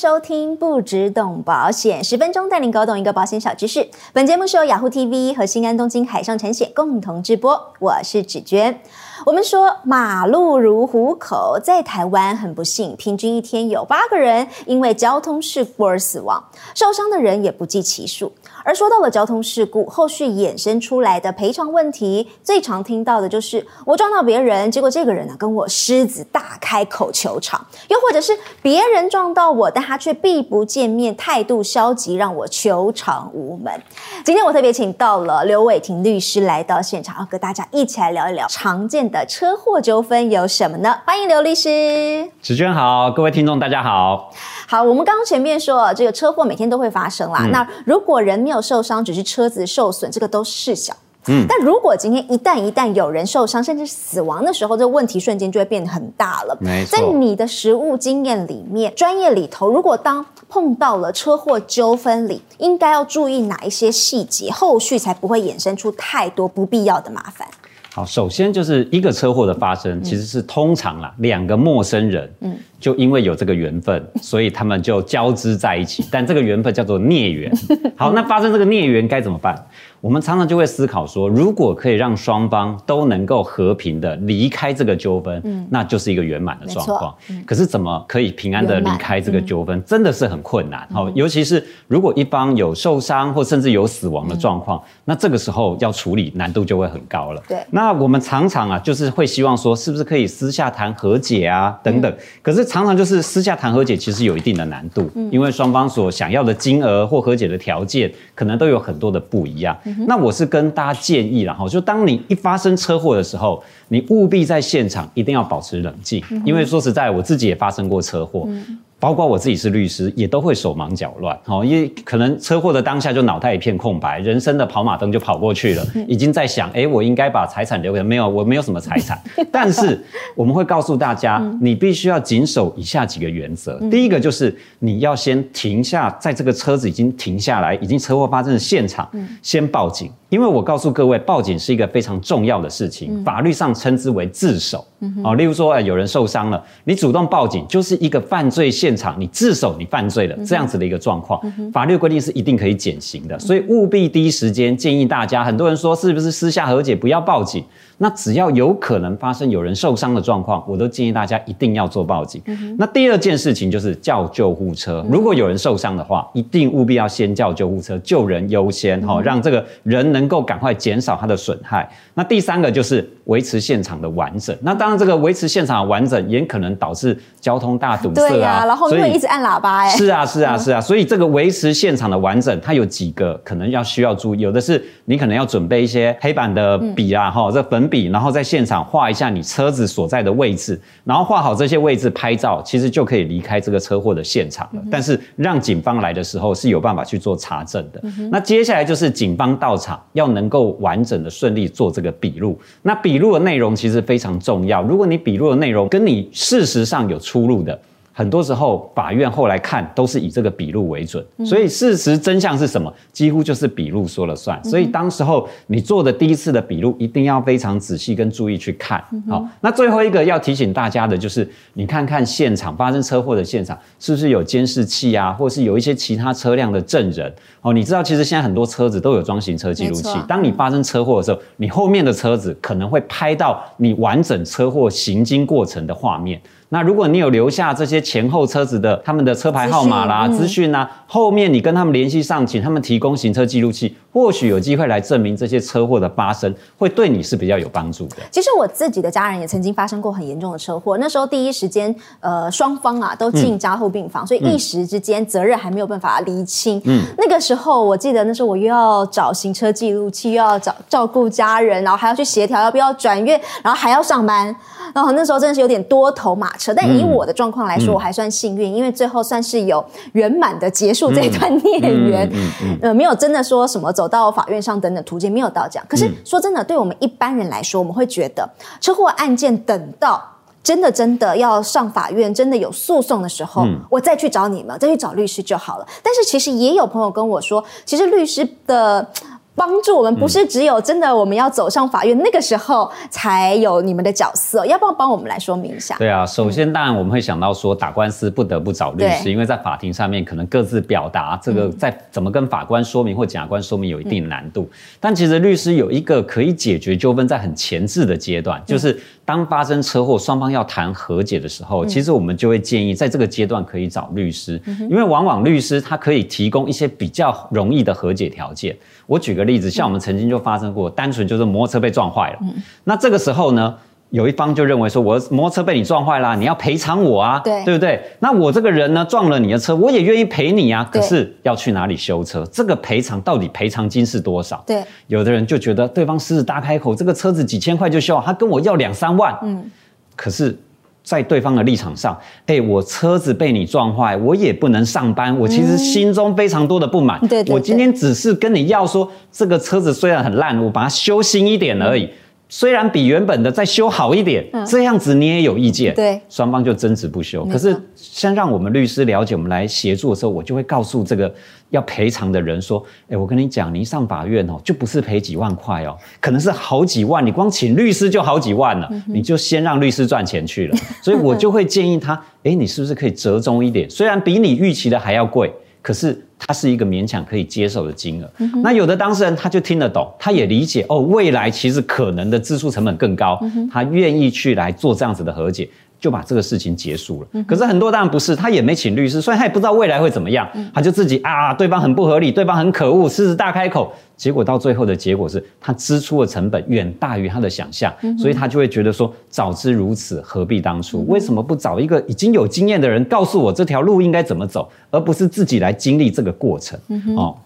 收聽不芷懂保險，十分鐘帶您搞懂一個保險小知識。本節目是由 Yahoo TV 和新安東京海上產險共同直播，我是芷娟。我們說馬路如虎口，在台灣很不幸，平均一天有八個人因為交通事故而死亡，受傷的人也不計其數。而說到了交通事故後續衍生出來的賠償問題，最常聽到的就是我撞到別人，結果這個人呢、啊、跟我獅子大開口求償；又或者是別人撞到我，但他卻避不見面，態度消極，讓我求償無門。今天我特別請到了劉偉霆律師來到現場，要和大家一起來聊一聊常見的車禍糾紛有什麼呢？歡迎劉律師。芷娟好，各位聽眾大家好。好，我們剛剛前面說這個車禍每天都會發生啦，嗯、那如果人沒有。受傷只是車子受損，這個都事小。嗯，但如果今天一旦一旦有人受傷，甚至死亡的時候，這個問題瞬間就會變得很大了。沒錯，在你的實務經驗裡面，專業裡頭，如果當碰到了車禍糾紛裡，應該要注意哪一些細節，後續才不會衍生出太多不必要的麻煩？好，首先就是一個車禍的發生，嗯嗯、其實是通常啦，兩個陌生人。嗯。就因為有這個緣分，所以他們就交織在一起。 但這個緣分叫做孽緣。好，那發生這個孽緣該怎麼辦？ 我們常常就會思考說，如果可以讓雙方都能夠和平的離開這個糾紛，嗯、那就是一個圓滿的狀況。嗯、可是怎麼可以平安的離開這個糾紛，嗯、真的是很困難。好、嗯，尤其是如果一方有受傷或甚至有死亡的狀況，嗯、那這個時候要處理難度就會很高了。對。那我們常常啊，就是會希望說，是不是可以私下談和解啊，等等。嗯、可是常常就是私下談和解，其實有一定的難度，嗯、因為雙方所想要的金額或和解的條件，可能都有很多的不一樣。嗯、哼那我是跟大家建議，然後就當你一發生車禍的時候，你務必在現場一定要保持冷靜，嗯、哼因為說實在，我自己也發生過車禍。嗯嗯包括我自己是律師，也都會手忙腳亂，齁，因為可能車禍的當下就腦袋一片空白，人生的跑馬燈就跑過去了，已經在想，誒、欸、我應該把財產留給……沒有，我沒有什麼財產。 但是我們會告訴大家， 你必須要謹守以下幾個原則。嗯、第一個就是你要先停下，在這個車子已經停下來，已經車禍發生的現場，嗯、先報警。因為我告訴各位，報警是一個非常重要的事情，嗯、法律上稱之為自首。哦，嗯、例如說，有人受傷了，你主動報警，就是一個犯罪現場，你自首，你犯罪了，嗯、哼這樣子的一個狀況，嗯、哼法律規定是一定可以減刑的，所以務必第一時間建議大家，嗯、很多人說是不是私下和解，不要報警。那只要有可能發生有人受傷的狀況，我都建議大家一定要做報警。嗯、哼那第二件事情就是叫救護車。嗯、如果有人受傷的話，一定務必要先叫救護車，救人優先哈，嗯、哼讓這個人能夠趕快減少他的損害。那第三個就是維持現場的完整。那當然，這個維持現場的完整也可能導致交通大堵塞啊。對呀、啊，然後因為一直按喇叭誒、欸、是啊，是啊，是啊。嗯、所以這個維持現場的完整，它有幾個可能要需要注意。有的是你可能要準備一些黑板的筆啊，哈、嗯哦，這個、粉。筆，然後在現場畫一下你車子所在的位置，然後畫好這些位置拍照，其實就可以離開這個車禍的現場了。嗯哼。但是讓警方來的時候是有辦法去做查證的。嗯哼。那接下來就是警方到場，要能夠完整的順利做這個筆錄。那筆錄的內容其實非常重要，如果你筆錄的內容跟你事實上有出入的。很多時候，法院後來看都是以這個筆錄為準，嗯、所以事實真相是什麼，幾乎就是筆錄說了算。嗯、所以，當時候你做的第一次的筆錄，一定要非常仔細跟注意去看。好、嗯哼哦，那最後一個要提醒大家的就是，你看看現場發生車禍的現場，是不是有監視器啊，或是有一些其他車輛的證人？好、哦，你知道，其實現在很多車子都有裝行車記錄器，啊、當你發生車禍的時候，嗯、你後面的車子可能會拍到你完整車禍行經過程的畫面。那如果你有留下這些前後車子的他們的車牌號碼啦、資訊啦，後面你跟他們聯繫上，請他們提供行車記錄器。或許有機會來證明這些車禍的發生會對你是比較有幫助的。其實我自己的家人也曾經發生過很嚴重的車禍，那時候第一時間，呃，雙方啊都進加護病房，嗯、所以一時之間責任還沒有辦法釐清。嗯，那個時候我記得那時候我又要找行車記錄器，又要找照顧家人，然後還要去協調要不要轉院，然後還要上班，然後那時候真的是有點多頭馬車。但以我的狀況來說，嗯、我還算幸運，因為最後算是有圓滿的結束這段孽緣、嗯，嗯，嗯，嗯，嗯、呃。沒有真的說什麼走。到法院上等等途徑沒有到這樣，可是說真的，嗯、對我們一般人來說，我們會覺得車禍案件等到真的真的要上法院，真的有訴訟的時候，嗯、我再去找你們，再去找律師就好了。但是其實也有朋友跟我說，其實律師的。幫助我們不是只有真的我們要走上法院，嗯、那個時候才有你們的角色，哦，要不要幫我們來說明一下？對啊，首先、嗯、當然我們會想到說打官司不得不找律師，對因為在法庭上面可能各自表達，這個再怎麼跟法官說明或檢察官說明有一定難度。嗯、但其實律師有一個可以解決糾紛在很前置的階段，嗯、就是當發生車禍雙方要談和解的時候，嗯、其實我們就會建議在這個階段可以找律師，嗯、因為往往律師他可以提供一些比較容易的和解條件。我舉個。例子，像我們曾經就發生過，嗯，單純就是摩托車被撞壞了。嗯，那這個時候呢，有一方就認為說，我摩托車被你撞壞了啊，你要賠償我啊，對，對不對？那我這個人呢，撞了你的車，我也願意賠你啊，可是要去哪裡修車？這個賠償到底賠償金是多少？對，有的人就覺得對方獅子大開口，這個車子幾千塊就修好，他跟我要兩三萬。嗯，可是。在對方的立場上，哎，我車子被你撞壞，我也不能上班，我其實心中非常多的不滿。嗯、對對對。我今天只是跟你要說，這個車子雖然很爛，我把它修新一點而已。嗯雖然比原本的再修好一點，嗯、這樣子你也有意見，對，雙方就爭執不休。啊、可是先讓我們律師了解，我們來協助的時候，我就會告訴這個要賠償的人說：，誒、欸、我跟你講，你一上法院哦、喔，就不是賠幾萬塊哦、喔，可能是好幾萬。你光請律師就好幾萬了，嗯、哼你就先讓律師賺錢去了。所以我就會建議他：，誒、 欸、你是不是可以折中一點？雖然比你預期的還要貴，可是。它是一個勉強可以接受的金額，嗯、哼那有的當事人他就聽得懂，他也理解哦，未來其實可能的支出成本更高，嗯、哼他願意去來做這樣子的和解。就把這個事情結束了。嗯、哼可是很多當然不是，他也沒請律師，所以他也不知道未來會怎麼樣。嗯、他就自己啊，對方很不合理，對方很可惡，獅子大開口。結果到最後的結果是他支出的成本遠大於他的想象，嗯、哼所以他就會覺得說：早知如此，何必當初？嗯、哼為什麼不找一個已經有經驗的人告訴我這條路應該怎麼走，而不是自己來經歷這個過程？嗯、哼哦。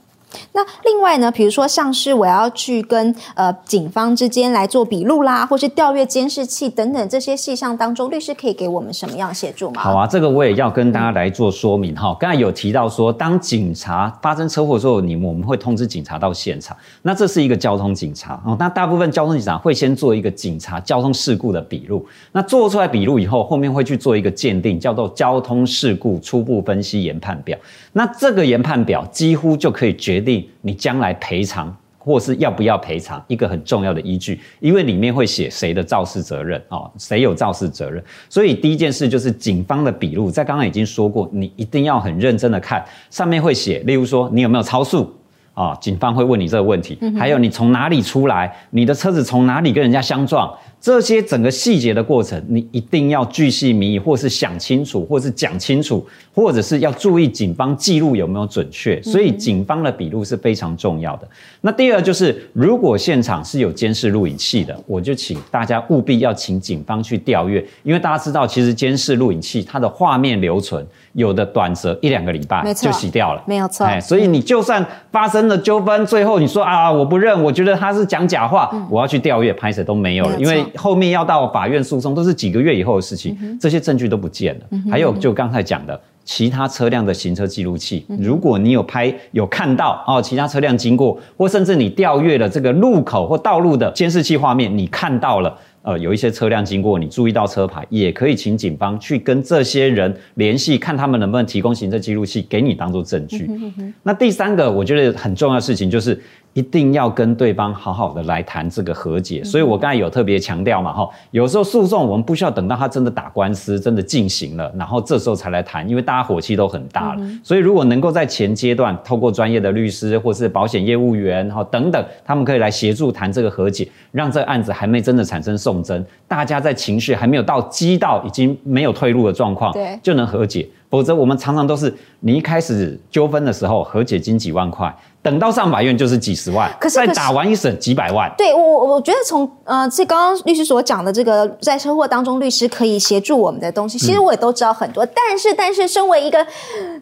那另外呢，比如說像是我要去跟呃，警方之間來做筆錄啦，或是調閱監視器等等這些細項當中，律師可以給我們什麼樣的協助嗎？好啊，這個我也要跟大家來做說明哈。嗯，哦，剛才有提到說，當警察發生車禍之後，你們我們會通知警察到現場，那這是一個交通警察，哦。那大部分交通警察會先做一個警察交通事故的筆錄，那做出來筆錄以後，後面會去做一個鑑定，叫做交通事故初步分析研判表。那這個研判表幾乎就可以決。定你將來賠償或是要不要賠償一個很重要的依據，因為裡面會寫誰的肇事責任哦，誰有肇事責任。所以第一件事就是警方的筆錄，在剛剛已經說過，你一定要很認真的看，上面會寫，例如說你有沒有超速啊，警方會問你這個問題，還有你從哪裡出來，你的車子從哪裡跟人家相撞。這些整個細節的過程，你一定要鉅細靡遺，或是想清楚，或是講清楚，或者是要注意警方記錄有沒有準確。所以警方的筆錄是非常重要的。嗯、那第二就是，如果現場是有監視錄影器的，我就請大家務必要請警方去調閱，因為大家知道，其實監視錄影器它的畫面留存，有的短則一兩個禮拜，沒錯，就洗掉了，沒有錯。所以你就算發生了糾紛，嗯、最後你說啊我不認，我覺得他是講假話，嗯、我要去調閱拍攝都沒有了，有因為後面要到法院訴訟都是幾個月以後的事情，嗯哼、這些證據都不見了。嗯哼、還有就剛才講的，其他車輛的行車記錄器，嗯哼、如果你有拍有看到哦，其他車輛經過，或甚至你調閱了這個路口或道路的監視器畫面，你看到了。呃，有一些車輛經過，你注意到車牌，也可以請警方去跟這些人聯繫，看他們能不能提供行車記錄器給你當做證據。嗯哼嗯哼。那第三個，我覺得很重要的事情就是。一定要跟對方好好的來談這個和解，所以我剛才有特別強調嘛，哈，有時候訴訟我們不需要等到他真的打官司，真的進行了，然後這時候才來談，因為大家火氣都很大了。所以如果能夠在前階段，透過專業的律師或是保險業務員，哈，等等，他們可以來協助談這個和解，讓這個案子還沒真的產生訟爭，大家在情緒還沒有到激到已經沒有退路的狀況，對，就能和解。否則我們常常都是，你一開始糾紛的時候，和解金幾萬塊。等到上法院就是幾十萬，可是可是再打完一審幾百萬，對我，我我覺得從呃，這剛剛律師所講的這個在車禍當中律師可以協助我們的東西，其實我也都知道很多。嗯、但是，但是身為一個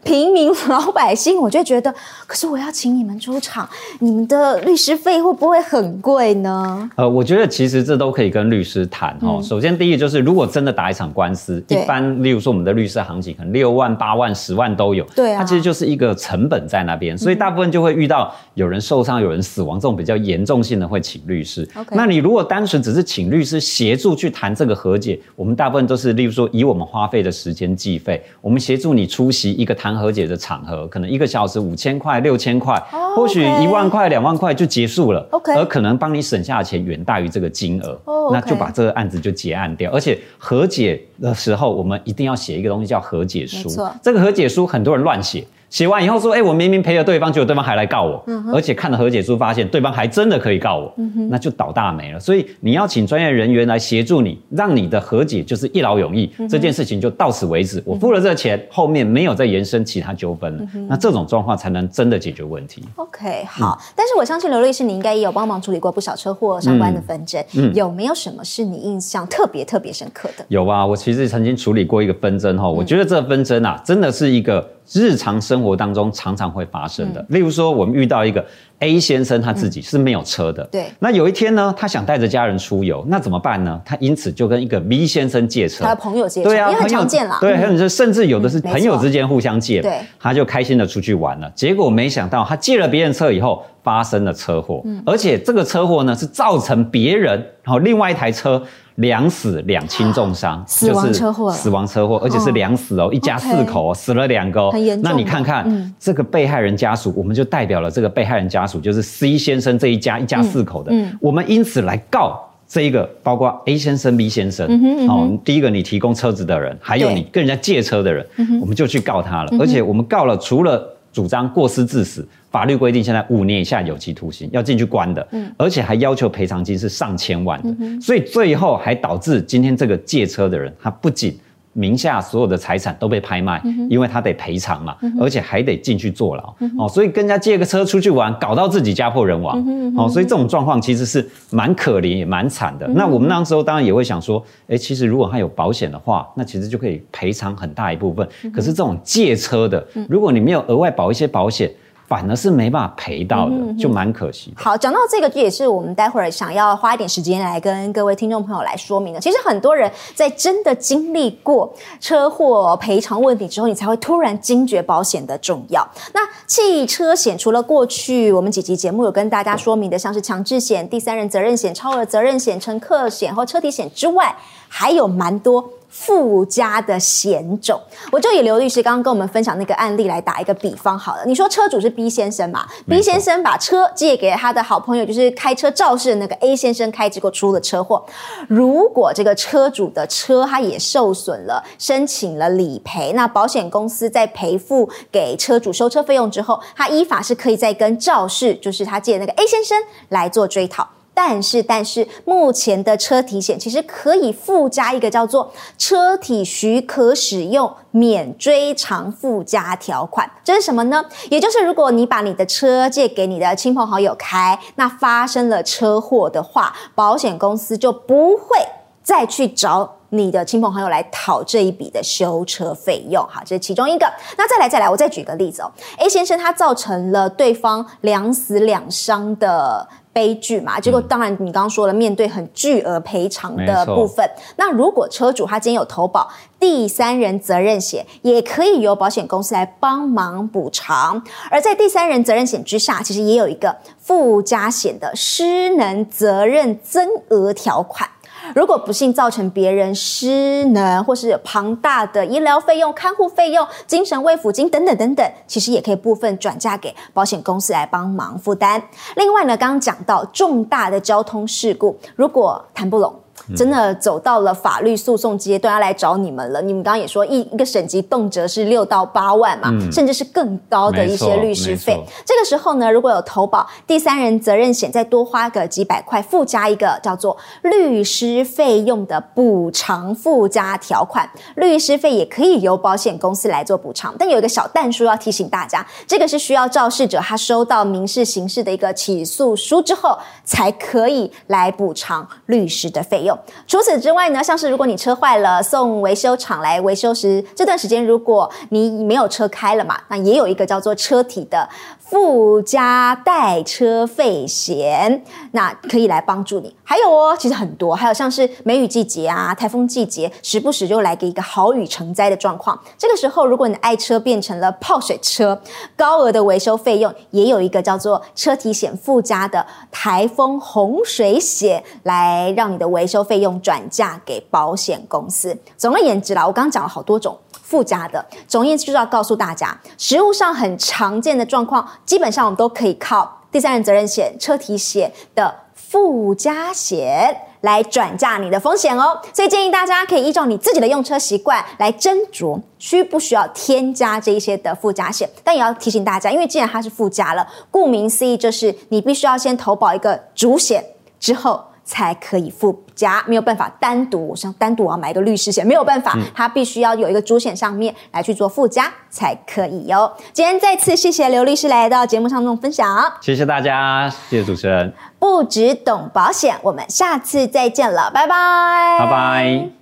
平民老百姓，我就覺得，可是我要請你們出場，你們的律師費會不會很貴呢？呃，我覺得其實這都可以跟律師談哦。嗯、首先，第一就是如果真的打一場官司，對一般例如說我們的律師行情可能六萬、八萬、十萬都有，對啊，它其實就是一個成本在那邊，所以大部分就會遇到、嗯。道有人受傷、有人死亡這種比較嚴重性的，會請律師。Okay. 那你如果單純只是請律師協助去談這個和解，我們大部分都是，例如說以我們花費的時間計費，我們協助你出席一個談和解的場合，可能一個小時五千塊、六千塊，oh, okay. 或許一萬塊、兩萬塊就結束了。Okay. 而可能幫你省下的錢遠大於這個金額，oh, okay. 那就把這個案子就結案掉。而且和解的時候，我們一定要寫一個東西叫和解書，沒錯這個和解書很多人亂寫。寫完以後說，誒、欸、我明明賠了對方，結果對方還來告我，嗯、哼而且看了和解書，發現對方還真的可以告我，嗯、哼那就倒大黴了。所以你要請專業人員來協助你，讓你的和解就是一勞永逸，嗯、哼這件事情就到此為止。嗯、哼我付了這個錢，後面沒有再延伸其他糾紛了。嗯、哼那這種狀況才能真的解決問題。OK，好。但是我相信劉律師，你應該也有幫忙處理過不少車禍相關的紛爭，嗯嗯、有沒有什麼是你印象特別特別深刻的？有啊，我其實曾經處理過一個紛爭哈，我覺得這個紛爭啊，真的是一個。日常生活當中常常會發生的，嗯、例如說我們遇到一個 A 先生，他自己是沒有車的，嗯、對。那有一天呢，他想帶着家人出遊，那怎麼辦呢？他因此就跟一個 B 先生借車，他的朋友借車，對啊，很常見了。對，甚至有的是朋友之間互相借了，對、嗯，他就開心的出去玩了。對結果沒想到他借了別人車以後發生了車禍，嗯、而且這個車禍呢是造成別人，然後另外一台車。兩死兩輕重傷、啊，死亡車禍，死亡車禍，哦、而且是兩死哦，一家四口、哦哦 okay、死了兩個、哦，很嚴重，那你看看、嗯、這個被害人家屬，我們就代表了這個被害人家屬，就是 C 先生這一家一家四口的，嗯嗯、我們因此來告這一個，包括 A 先生、B 先生，嗯嗯、哦，第一個你提供車子的人，還有你跟人家借車的人，對我們就去告他了，嗯、哼而且我們告了除了。主張過失致死，法律規定現在五年以下有期徒刑，要進去關的，嗯、而且還要求賠償金是上千萬的，嗯、哼所以最後還導致今天這個借車的人，他不僅。名下所有的財產都被拍賣，嗯、哼因為他得賠償嘛，嗯、哼而且還得進去坐牢，嗯、哼哦，所以跟人家借個車出去玩，搞到自己家破人亡，嗯、哼哦，所以這種狀況其實是蠻可憐也蠻慘的。嗯、哼那我們那時候當然也會想說，欸、其實如果他有保險的話，那其實就可以賠償很大一部分。嗯、哼可是這種借車的，如果你沒有額外保一些保險。反而是沒辦法賠到的，嗯哼嗯哼，就蠻可惜。好，講到這個，這也是我們待會兒想要花一點時間來跟各位聽眾朋友來說明的。其實很多人在真的經歷過車禍賠償問題之後，你才會突然驚覺保險的重要。那汽車險除了過去我們幾集節目有跟大家說明的，對像是強制險、第三人責任險、超額責任險、乘客險和車體險之外，還有蠻多。附加的險種，我就以劉律師剛剛跟我們分享那個案例來打一個比方好了。你說車主是 B 先生嘛。沒錯。B 先生把車借給他的好朋友，就是開車肇事的那個 A 先生開，結果出了車禍。如果這個車主的車他也受損了，申請了理賠，那保險公司在賠付給車主修車費用之後，他依法是可以再跟肇事，就是他借的那個 A 先生來做追討。但是，但是目前的車體險其實可以附加一個叫做“車體許可使用免追償附加條款”，這是什麼呢？也就是如果你把你的車借給你的親朋好友開，那發生了車禍的話，保險公司就不會再去找你的親朋好友來討這一筆的修車費用。好，這是其中一個。那再來，再來，我再舉個例子哦。A 先生他造成了對方兩死兩傷的。悲劇嘛，結果當然你剛剛說了，面對很巨額賠償的部分。沒錯。那如果車主他今天有投保第三人責任險，也可以由保險公司來幫忙補償。而在第三人責任險之下，其實也有一個附加險的失能責任增額條款。如果不幸造成別人失能，或是龐大的醫療費用、看護費用、精神慰撫金等等等等，其實也可以部分轉嫁給保險公司來幫忙負擔。另外呢，剛剛講到重大的交通事故，如果談不攏。嗯、真的走到了法律訴訟階段，要來找你們了。你們剛剛也說，一一個審級動輒是六到八萬嘛，嗯、甚至是更高的一些律師費。這個時候呢，如果有投保第三人責任險，再多花個幾百塊，附加一個叫做律師費用的補償附加條款。律師費也可以由保險公司來做補償，但有一個小但書要提醒大家，這個是需要肇事者他收到民事刑事的一個起訴書之後，才可以來補償律師的費用。除此之外呢，像是如果你車壞了送維修廠來維修時，這段時間如果你沒有車開了嘛，那也有一個叫做車體的附加代車費險，那可以來幫助你。還有哦，其實很多，還有像是梅雨季節啊、颱風季節，時不時就來給一個豪雨成災的狀況。這個時候，如果你愛車變成了泡水車，高額的維修費用，也有一個叫做車體險附加的颱風洪水險來讓你的維修費用轉嫁給保險公司。總而言之啦，我剛剛講了好多種附加的，總而言之就是要告訴大家，實務上很常見的狀況，基本上我們都可以靠第三人責任險、車體險的附加險來轉嫁你的風險哦。所以建議大家可以依照你自己的用車習慣來斟酌需不需要添加這一些的附加險。但也要提醒大家，因為既然它是附加了，顧名思義就是你必須要先投保一個主險之後。才可以附加，沒有辦法單獨，我想單獨我、啊、要買一個律師險，沒有辦法，它、嗯、必須要有一個主險上面來去做附加才可以有、哦。今天再次謝謝劉律師來到節目上做分享，謝謝大家，謝謝主持人。不芷懂保險，我們下次再見了，拜拜，拜拜。